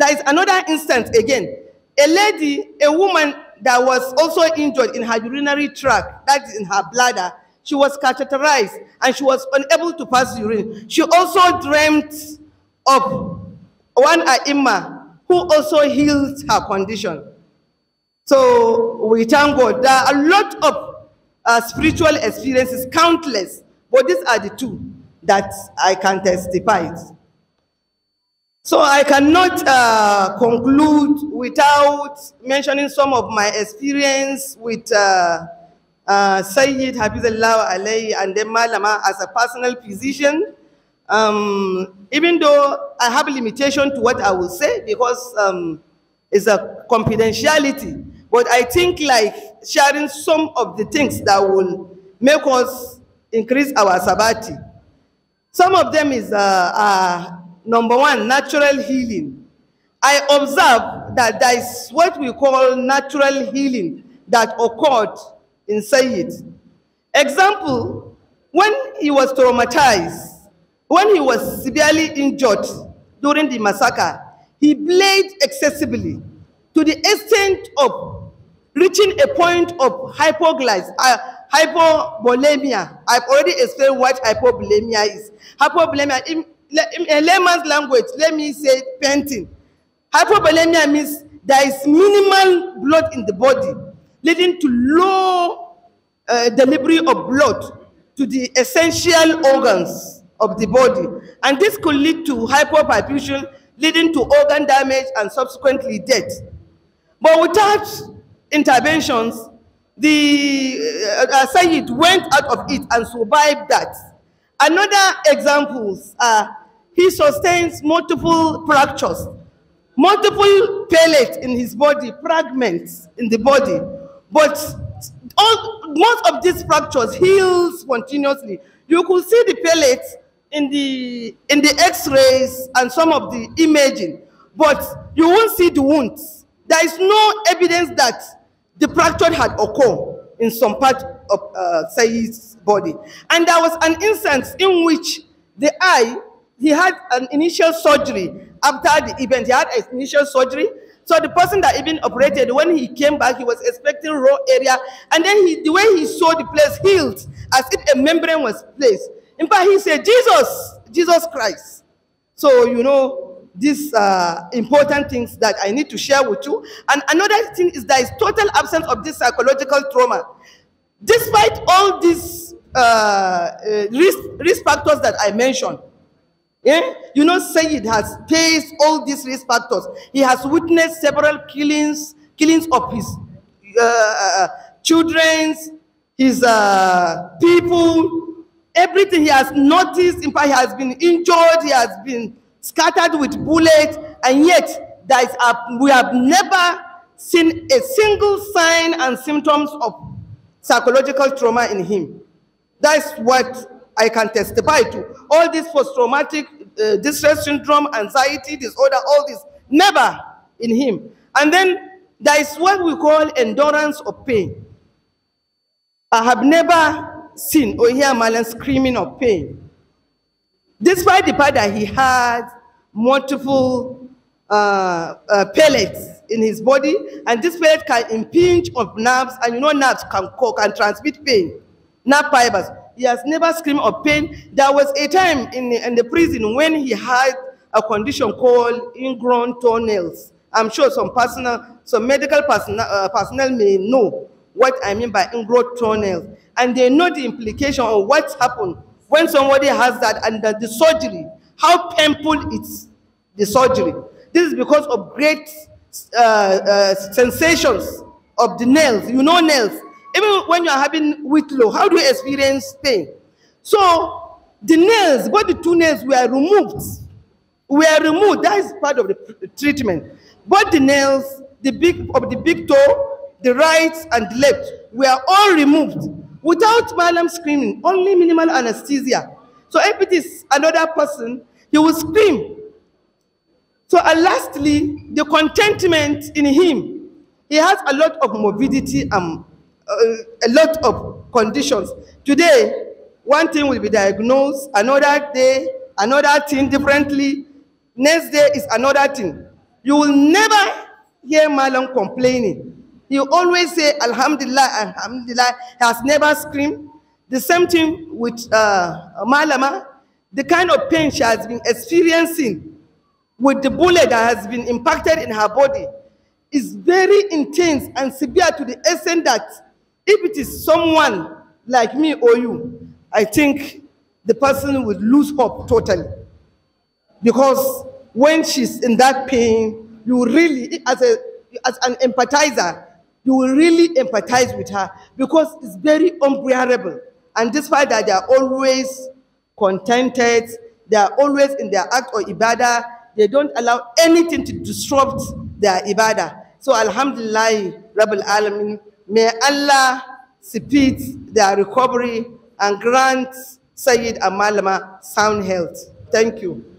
There is another instance again. A lady, a woman that was also injured in her urinary tract, that is in her bladder, she was catheterized and she was unable to pass urine. She also dreamt of one Aima who also healed her condition. So we thank God. There are a lot of uh, spiritual experiences, countless, but these are the two that I can testify. So I cannot uh, conclude without mentioning some of my experience with uh, uh Sayyid Habibullah Alayhi and Malama as a personal physician. Um, even though I have a limitation to what I will say because um, it's a confidentiality, but I think like sharing some of the things that will make us increase our sabati. Some of them is uh, Number one, natural healing. I observe that there is what we call natural healing that occurred in it. Example, when he was traumatized, when he was severely injured during the massacre, he bled excessively to the extent of reaching a point of hypoglycemia. Uh, hypovolemia. I've already explained what hypovolemia is. Hypovolemia in layman's language, let me say painting. Hypovolemia means there is minimal blood in the body, leading to low uh, delivery of blood to the essential organs of the body. And this could lead to hypoperfusion, leading to organ damage and subsequently death. But without interventions, the uh, it went out of it and survived that. Another examples are he sustains multiple fractures, multiple pellets in his body, fragments in the body. But all, most of these fractures heals continuously. You could see the pellets in the, in the x-rays and some of the imaging, but you won't see the wounds. There is no evidence that the fracture had occurred in some part of uh, body. And there was an instance in which the eye he had an initial surgery after the event. He had an initial surgery. So the person that even operated, when he came back, he was expecting raw area. And then he, the way he saw the place healed, as if a membrane was placed. In fact, he said, Jesus, Jesus Christ. So, you know, these uh, important things that I need to share with you. And another thing is there is total absence of this psychological trauma. Despite all these uh, uh, risk, risk factors that I mentioned, Eh? You know, Sayyid has faced all these risk factors. He has witnessed several killings, killings of his uh, uh children's, his uh, people, everything he has noticed. In fact, he has been injured, he has been scattered with bullets, and yet there is a, we have never seen a single sign and symptoms of psychological trauma in him. That's what I can testify to. All this post-traumatic uh, distress syndrome, anxiety, disorder, all this, never in him. And then there is what we call endurance of pain. I have never seen or hear Malan screaming of pain. Despite the fact that he had multiple uh, uh, pellets in his body, and this pellet can impinge of nerves, and you know nerves can, and transmit pain, nerve fibers. He has never screamed of pain. There was a time in the, in the prison when he had a condition called ingrown toenails. I'm sure some personal, some medical personnel, uh, personnel may know what I mean by ingrown toenails. And they know the implication of what's happened when somebody has that and the surgery, how painful it's the surgery. This is because of great uh, uh, sensations of the nails. You know nails. Even when you are having with low, how do you experience pain? So the nails, both the two nails were removed. Were removed. That is part of the treatment. Both the nails, the big of the big toe, the right and the left, were all removed without malam screaming, only minimal anesthesia. So if it is another person, he will scream. So and lastly, the contentment in him. He has a lot of morbidity and a lot of conditions. Today, one thing will be diagnosed, another day, another thing differently, next day is another thing. You will never hear Malam complaining. He always say, Alhamdulillah, Alhamdulillah, he has never screamed. The same thing with uh, Malama, the kind of pain she has been experiencing with the bullet that has been impacted in her body is very intense and severe to the extent that if it is someone like me or you, I think the person would lose hope totally. Because when she's in that pain, you really, as, a, as an empathizer, you will really empathize with her because it's very unbearable. And despite that, they are always contented, they are always in their act or ibadah, they don't allow anything to disrupt their ibadah. So, Alhamdulillah, Rabbil Alamin, May Allah speed their recovery and grant Sayyid and Malama sound health. Thank you.